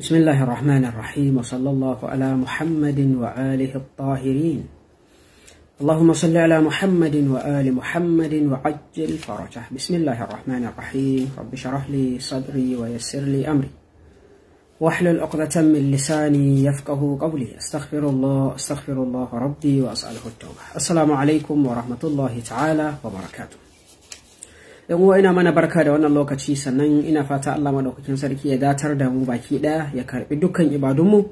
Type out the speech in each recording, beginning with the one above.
بسم الله الرحمن الرحيم وصلى الله على محمد وآله الطاهرين اللهم صل على محمد وآل محمد وعجل فرجه بسم الله الرحمن الرحيم رب شرح لي صدري ويسر لي أمري واحلل عقدة من لساني يفقه قولي استغفر الله استغفر الله ربي وأسأله التوبة السلام عليكم ورحمة الله تعالى وبركاته yan uwa ina mana barka da wannan lokaci sannan ina fata Allah madaukakin sarki ya datar da mu baki ɗaya ya karbi dukkan ibadunmu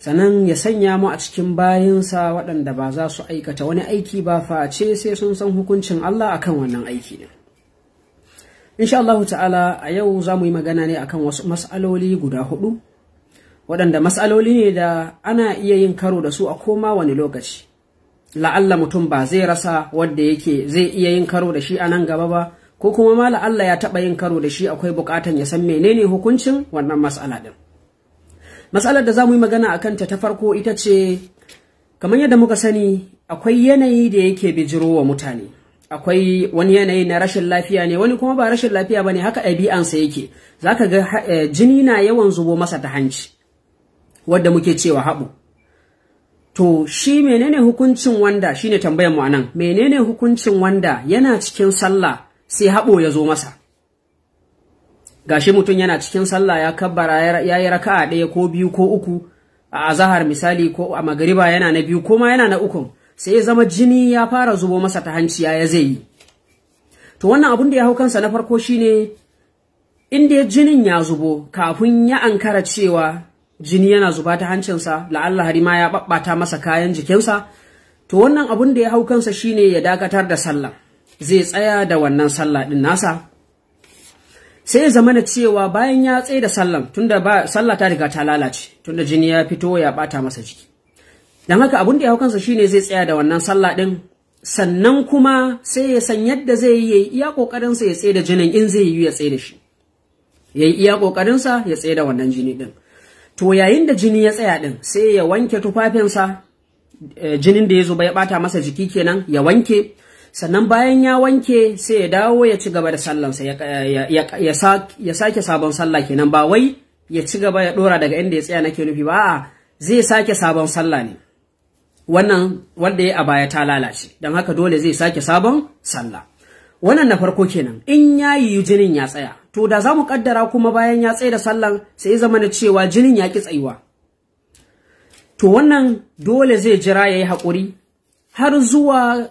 sannan ya sanya mu a cikin bayansa waɗanda ba za su aikata wani aiki ba face sai sun san hukuncin Allah akan wannan aiki ne insha Allah ta'ala a yau za mu yi magana ne akan wasu mas'aloli guda hudu waɗanda mas'aloli ne da ana iya yin karo da su a koma wani lokaci la'alla mutum ba zai rasa wadda yake zai iya yin karo da shi a nan gaba ba ko kuma mala Allah ya taɓa yin karo da shi akwai buƙatar ya san menene hukuncin wannan matsala ɗin Matsalar da za mu yi magana a kanta ta farko ita ce kamar yadda muka sani akwai yanayi da yake bijiro wa mutane akwai wani yanayi na rashin lafiya ne wani kuma ba rashin lafiya ba ne haka ɗabi'ansa yake za ka ga eh, jini na yawan zubo masa ta hanci wadda muke cewa haɓu to shi menene hukuncin wanda shi ne tambayar mu anan menene hukuncin wanda yana cikin sallah sai haɓo ya zo masa gashi mutum yana cikin sallah ya kabbara ya yi raka a ɗaya ko biyu ko uku a azahar misali ko a magariba yana na biyu ko ma yana na ukun sai ya zama jini ya fara zubo masa ta hanci ya zai yi to wannan abun da ya hau kansa na farko shine inda jinin ya zubo kafin ya ankara cewa jini yana zuba ta hancinsa la'alla har ma ya babbata masa kayan jikinsa to wannan abun da ya hau kansa shine ya dakatar da sallah zai tsaya da wannan sallah din nasa sai ya zama da cewa bayan ya tsaye da sallan tunda ba sallah ta riga ta lalace tunda jini ya fito ya bata masa jiki dan haka abun da ya hau shine zai tsaya da wannan sallah din sannan kuma sai ya san yadda zai yi iya kokarin sa ya tsaye da jinin in zai yi ya tsaye da shi yayi iya kokarin sa ya tsaye da wannan jini din to yayin da jini ya tsaya din sai ya wanke tufafinsa eh, jinin da ya zo ba ya bata masa jiki kenan ya wanke sannan bayan ya wanke sai ya dawo ya ci gaba da sallansa ya sake sabon sallah kenan ba wai ya ci gaba ya dora daga inda ya tsaya nake nufi ba a zai sake sabon sallah ne wannan wanda ya a baya ta lalace don haka dole zai sake sabon sallah wannan na farko kenan in ya yiwu jinin ya tsaya to da za mu kaddara kuma bayan ya tsaye da sallan sai zama na cewa jinin ya ki tsayuwa to wannan dole zai jira ya yi haƙuri har zuwa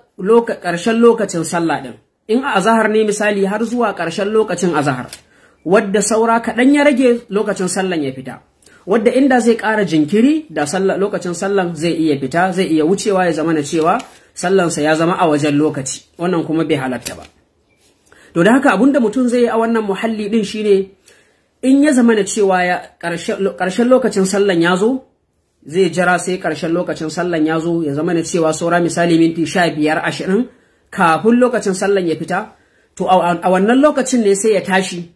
ƙarshen lokacin sallah ɗin in a azahar ne misali har zuwa ƙarshen lokacin azahar wadda saura kaɗan ya rage lokacin sallan ya fita wadda inda zai ƙara jinkiri da lokacin sallan zai iya fita zai iya wucewa ya zama na cewa sallansa ya zama a wajen lokaci wannan kuma bai halatta ba to da haka da mutum zai yi a wannan muhalli ɗin shine in ya zama na cewa ƙarshen lokacin sallan ya zo zai jira sai ƙarshen lokacin sallan ya zo ya zama na cewa saura misali minti sha biyar ashirin kafin lokacin sallan ya fita to a wannan lokacin ne sai ya tashi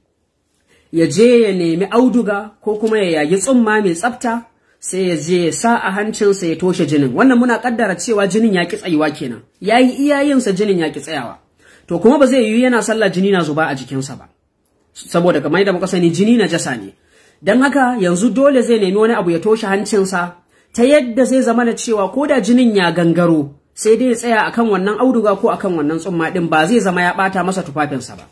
ya je ya nemi auduga ko kuma ya yagi tsumma mai tsafta sai ya je ya sa a hancinsa ya toshe jinin wannan muna kaddara cewa jinin ya ki tsayuwa kenan ya yi iyayensa jinin ya ki tsayawa to kuma ba zai yiwu yana sallah jini na zuba a jikinsa ba saboda kamar yadda muka sani jini na jasa ne don haka yanzu dole zai nemi wani abu ya toshe hancinsa ta yadda zai zama na cewa ko da jinin ya gangaro sai dai ya tsaya akan wannan auduga ko akan wannan tsumma din ba zai zama ya bata masa tufafinsa ba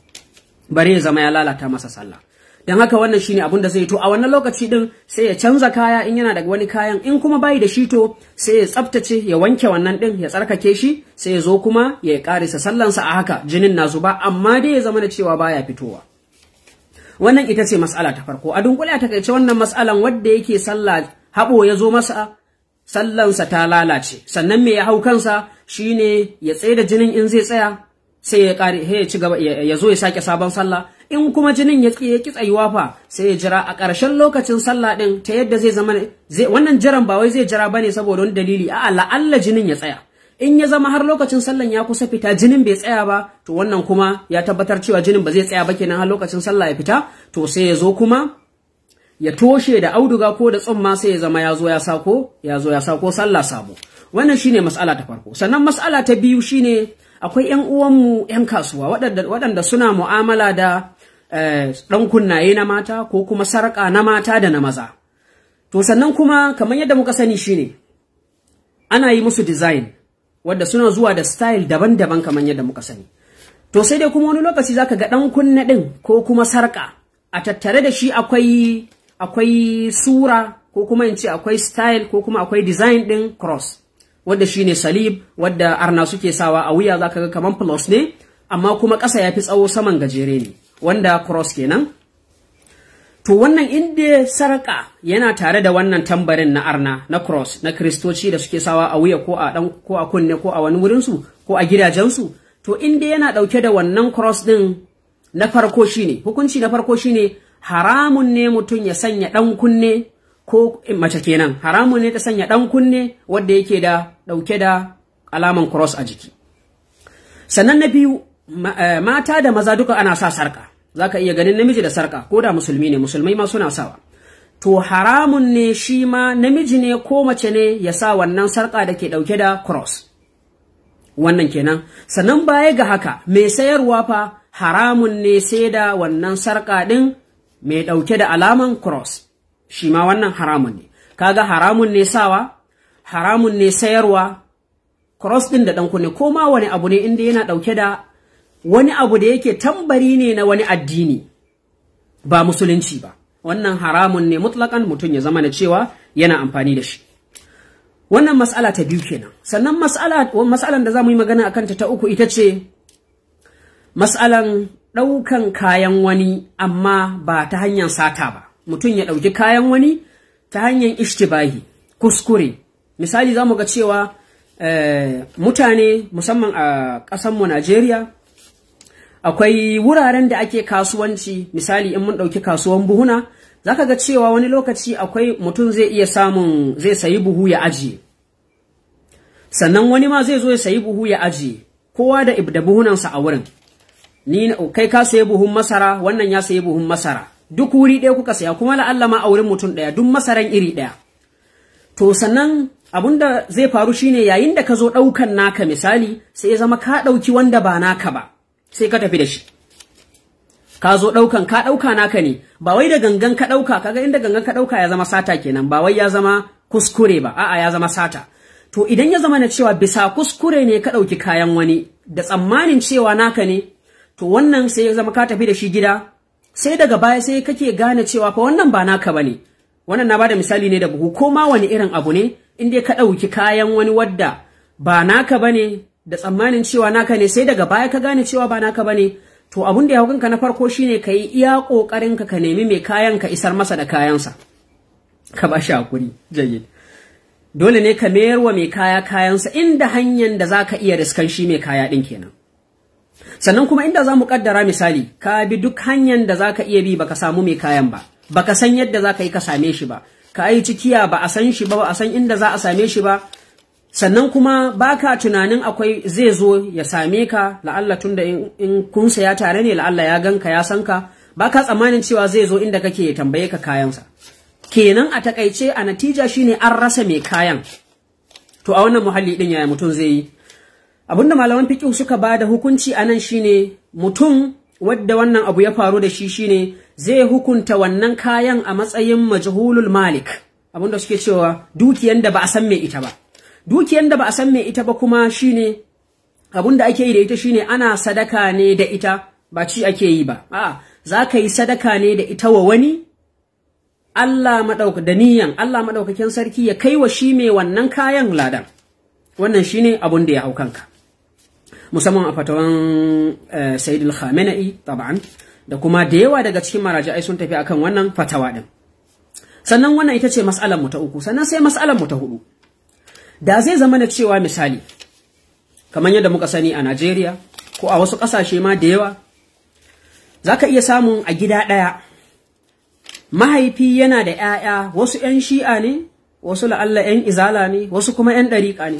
bare ya zama ya lalata masa sallah don haka wannan shine abin da zai to a wannan lokaci ɗin sai ya canza kaya in yana daga wani kayan in kuma bayi da shi to sai ya tsaftace ya wanke wannan ɗin ya tsarkake shi sai ya zo kuma ya karisa sallansa a haka jinin na zuba amma dai ya zama da cewa baya fitowa wannan ita ce mas'ala ta farko a dunkule a takaice wannan mas'alan wadda yake sallah haɓo ya zo masa sallansa ta lalace sannan me ya hau kansa shine ya tsaye da jinin in zai tsaya sai ya kare ya ci gaba ya zo ya sake sabon sallah in kuma jinin ya ki tsayuwa fa sai ya jira a ƙarshen lokacin sallah din ta yadda zai zama wannan jiran ba wai zai jira bane saboda wani dalili a'a la'alla jinin ya tsaya in ya zama har lokacin sallan ya kusa fita jinin bai tsaya ba to wannan kuma ya tabbatar cewa jinin ba zai tsaya ba kenan har lokacin sallah ya fita to sai ya zo kuma ya toshe da auduga ko da tsumma sai ya zama ya zo ya sako ya zo ya sako sallah sabo wannan shine mas'ala ta farko sannan mas'ala ta biyu shine akwai yan mu yan kasuwa waɗanda suna mu'amala da eh, ɗan kunnaye na mata ko kuma sarƙa na mata da na maza to sannan kuma kamar yadda muka sani shine ana yi musu design wadda suna zuwa da style daban-daban kamar yadda muka sani to sai dai kuma wani lokaci zaka ga dan kunna din ko kuma sarka a tattare da shi akwai akwai sura ko kuma in ce akwai style ko kuma akwai design din cross wadda shine salib wadda arna suke sawa a wuya zaka ga kamar plus ne amma kuma ƙasa ya fi tsawo saman gajere ne wanda cross kenan To wannan inda sarƙa yana tare da wannan tambarin na arna na cross na kristoci da suke sawa a wuya ko a dan ko a kunne ko a wani wurinsu ko a gidajensu to inda yana ɗauke da wannan cross din na farko shine hukunci na farko shine haramun ne mutum ya sanya dan kunne ko mace kenan haramun ne ta sanya ɗan kunne wanda yake da ɗauke da alaman cross a jiki sannan na biyu eh, mata da maza duka ana sa sarka zaka iya ganin namiji da sarka ko da musulmi ne musulmai ma suna sawa to haramun ne shi ma namiji ne ko mace ne ya sa wannan sarka da ke dauke da cross wannan kenan sannan baya ga haka mai sayarwa fa haramun ne sai da wannan sarka din mai dauke da alaman cross shi ma wannan haramun ne kaga haramun ne sawa haramun ne sayarwa cross din da ɗan kunne ko ma wani abu ne inda yana ɗauke da wani abu da yake tambari ne na wani addini ba musulunci ba wannan haramun ne mutlakan mutum ya zama na cewa yana amfani da shi wannan mas'ala ta biyu kenan sannan mas'alan da za mu yi magana a kanta ta uku ita ce mas'alan ɗaukan kayan wani amma ba ta hanyar sata ba mutum ya ɗauki kayan wani ta hanyar ishtibahi kuskure misali za mu ga cewa eh, mutane musamman a ƙasanmu najeriya akwai wuraren da ake kasuwanci misali in mun ɗauki kasuwan buhuna zaka ga cewa wani lokaci akwai mutum zai iya samun zai sayi buhu ya ajiye sannan wani ma zai zo ya sayi buhu ya ajiye kowa da buhunan buhunansa a wurin ni kai ka sayi buhun masara wannan ya sayi buhun masara duk wuri ɗaya kuka saya kuma la'alla ma a wurin mutum ɗaya duk masaran iri ɗaya to sannan abun da zai faru shine yayin da ka zo ɗaukan naka misali sai ya zama ka ɗauki wanda ba naka ba sai ka tafi da shi ka zo ɗaukan ka ɗauka naka ne ba wai da gangan ka ɗauka ka kaga inda gangan ka ɗauka ya zama sata kenan ba wai ya zama kuskure ba a'a ya zama sata to idan ya zama na cewa bisa kuskure ne ka ɗauki kayan wani da tsammanin cewa naka ne to wannan sai ya zama ka tafi da shi gida sai daga baya sai kake gane cewa fa wannan ba naka bane wannan na bada misali ne da buhu ko ma wani irin abu ne in dai ka ɗauki kayan wani wadda ba naka bane da tsammanin cewa naka ne sai daga baya ka gane cewa ba naka ba ne, to abin da ya hukunka na farko shine ka yi iya kokarin ka ka nemi mai kayan ka isar masa da kayansa ka ba shi hakuri jayyid dole ne ka mayar wa mai kaya kayansa inda hanyar da zaka iya riskan shi mai kaya ɗin kenan sannan kuma inda za mu kaddara misali ka bi duk hanyar da zaka iya bi baka samu mai kayan ba baka san yadda za ka yi ka same shi ba ka yi cikiya ba a san shi ba ba a san inda za a same shi ba sannan kuma baka tunanin akwai zai zo ya same ka la'alla tun da in kun saya tare ne la'alla ya ganka ya san ka baka tsammanin cewa zai zo inda kake ya tambaye ka kayansa kenan a takaice a natija shine an rasa mai kayan to a wannan muhalli din yaya mutum zai yi abinda malaman fiqh suka ba da hukunci anan shine mutum wadda wannan abu ya faru da shi shine zai hukunta wannan kayan a matsayin majhulul malik abinda suke cewa dukiyan da ba a san mai ita ba dukiyar da ba a san me ita ba kuma shine abun da ake yi da ita shine ana sadaka ne da ita ba ci ake yi ba a'a za ka yi sadaka ne da ita wa wani Allah madauka da niyan Allah madaukakin sarki ya kai wa shi mai wannan kayan ladan wannan shine abun da ya hau kanka musamman a fatawan eh, al Khamenei taban da kuma da yawa daga cikin ai sun tafi akan wannan fatawa din sannan wannan ita ce mas'alar mu ta uku sannan sai mas'alar mu ta hudu da zai zama na cewa misali kamar yadda muka sani a Najeriya ko a wasu ƙasashe ma da yawa za ka iya samun a gida ɗaya mahaifi yana da 'ya'ya wasu 'yan shi'a ne wasu la'alla 'yan izala ne wasu kuma 'yan ɗariƙa ne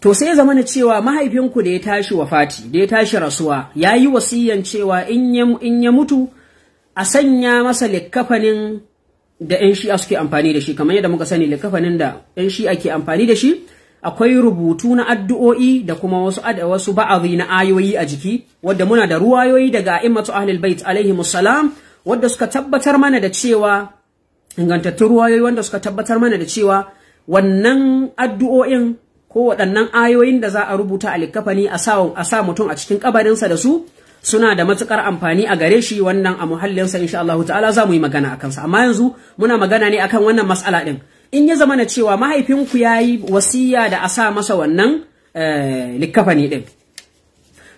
to sai zama na cewa mahaifinku da ya tashi wafati da ya tashi rasuwa ya yi wasiyan cewa in ya mutu a sanya masa likkafanin da 'yan shi'a suke amfani da shi kamar yadda muka sani likafanin da 'yan shi'a ke amfani da shi akwai rubutu na addu'o'i da kuma wasu wasu ba'azi na ayoyi a jiki wadda muna da ruwayoyi daga a'immatu ahlul bait alaihi salam wadda suka tabbatar mana da cewa ingantattun ruwayoyi wanda suka tabbatar mana da cewa wannan addu'o'in ko waɗannan ayoyin da za a rubuta a likafani a sa mutum a cikin kabarinsa da su suna da matukar amfani a gare shi wannan a muhallinsa insha Allah ta'ala za mu yi magana a kansa. amma yanzu muna magana ne akan wannan matsala din in ya zama na cewa mahaifinku ya yi wasiya da a sa masa wannan eh, likafani din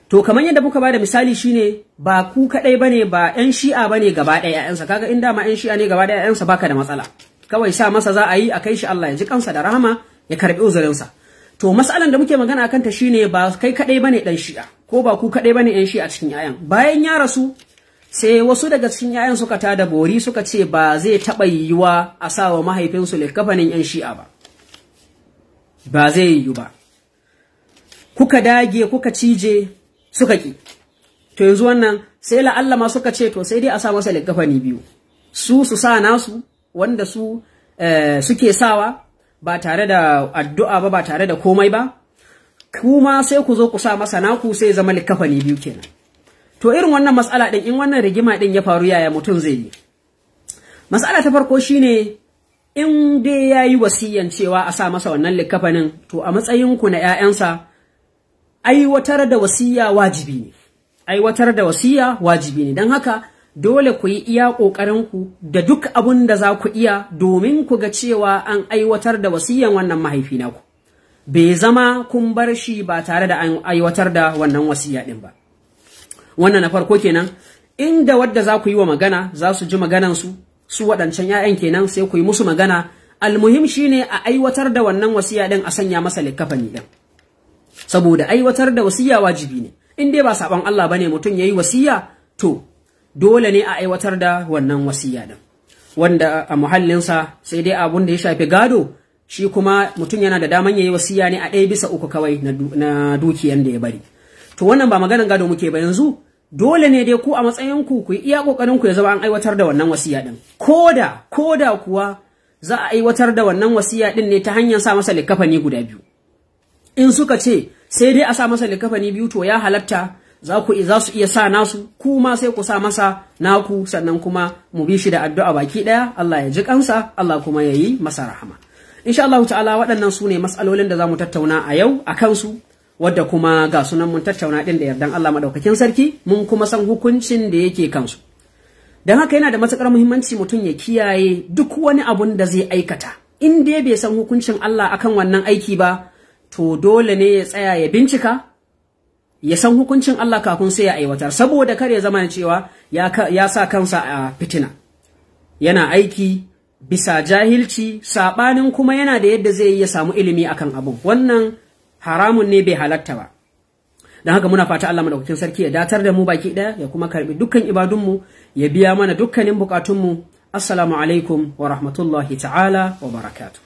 to kamar yadda kuka ba da misali shine ba ku kadai bane ba yan shi'a bane gaba ɗaya ƴaƴansa kaga in dama yan shi'a ne gaba ɗaya ƴaƴansa baka da matsala kawai sa masa za a yi a kai shi Allah ya ji kansa da rahama ya karbi uzurinsa to matsalan da muke magana kanta ta shine ba kai kadai bane dan shi'a ko ba ku kadai bane yan shi'a cikin yayan bayan ya rasu sai wasu daga cikin yayan suka tada bori suka ce ba zai taba yiwa a sawa mahaifinsu likafanin yan shi'a ba ba zai yiwu ba kuka dage kuka cije suka ki to yanzu wannan sai Allah ma suka ce to sai dai a sa masa likafani biyu su su sa nasu wanda su eh, suke sawa ba tare da addu'a ba ba tare da komai ba kuma sai ku zo ku sa masa naku sai zama likafani biyu kenan to irin wannan matsala ɗin, in wannan rigima din ya faru yaya mutum zai yi matsala ta farko shine in dai ya yi wasiyan cewa a sa masa wannan likafanin to a matsayin ku na 'ya'yansa aiwatar da wasiya wajibi ne aiwatar da wasiya wajibi ne don haka dole ku yi iya ƙoƙarinku da duk abun da za ku iya domin ku ga cewa an aiwatar da wasiyan wannan mahaifi naku bai zama kun bar shi ba tare da an aiwatar da wannan wasiya ɗin ba wannan na farko kenan inda wadda za ku yi wa magana za su ji maganansu su waɗancan 'ya'yan kenan sai ku yi musu magana almuhim shi ne a aiwatar da wannan wasiya ɗin a sanya masa likkafani ɗin saboda aiwatar da wasiya wajibi ne in dai ba saɓon Allah ne mutum ya yi wasiya to dole ne a aiwatar da wannan wasiya din wanda a muhallinsa sai dai abun da ya shafi gado shi kuma mutum yana da daman ya yi wasiya ne a ɗaya bisa uku kawai na dukiyan da ya bari to wannan ba maganan gado muke ba yanzu dole ne dai ku a matsayin ku ku iya kokarin ku ya zama an aiwatar da wannan wasiya din koda koda kuwa za a aiwatar da wannan wasiya din ne ta hanyar sa masa likafani guda biyu in suka ce sai dai a sa masa likafani biyu to ya halatta za ku za su iya sa nasu kuma sai ku sa masa naku sannan kuma mu bi shi da addu'a baki daya Allah ya ji kansa Allah kuma ya yi masa rahama insha Allah ta'ala waɗannan su ne matsalolin da za mu tattauna a yau a kansu wadda kuma ga sunan mun tattauna din da yardan Allah madaukakin sarki mun kuma san hukuncin da yake kansu dan haka yana da matukar muhimmanci mutum ya kiyaye duk wani abun da zai aikata in dai bai san hukuncin Allah akan wannan aiki ba to dole ne ya tsaya ya bincika ya san hukuncin Allah kafin sai ya aiwatar saboda kar ya zama cewa ya sa kansa a fitina yana aiki bisa jahilci sabanin kuma yana da yadda zai ya samu ilimi akan abun wannan haramun ne bai halatta ba don haka muna fata Allah madaukakin sarki ya datar da mu baki daya ya kuma karbi dukkan mu ya biya mana dukkanin mu assalamu alaikum wa rahmatullahi ta'ala wa barakatuh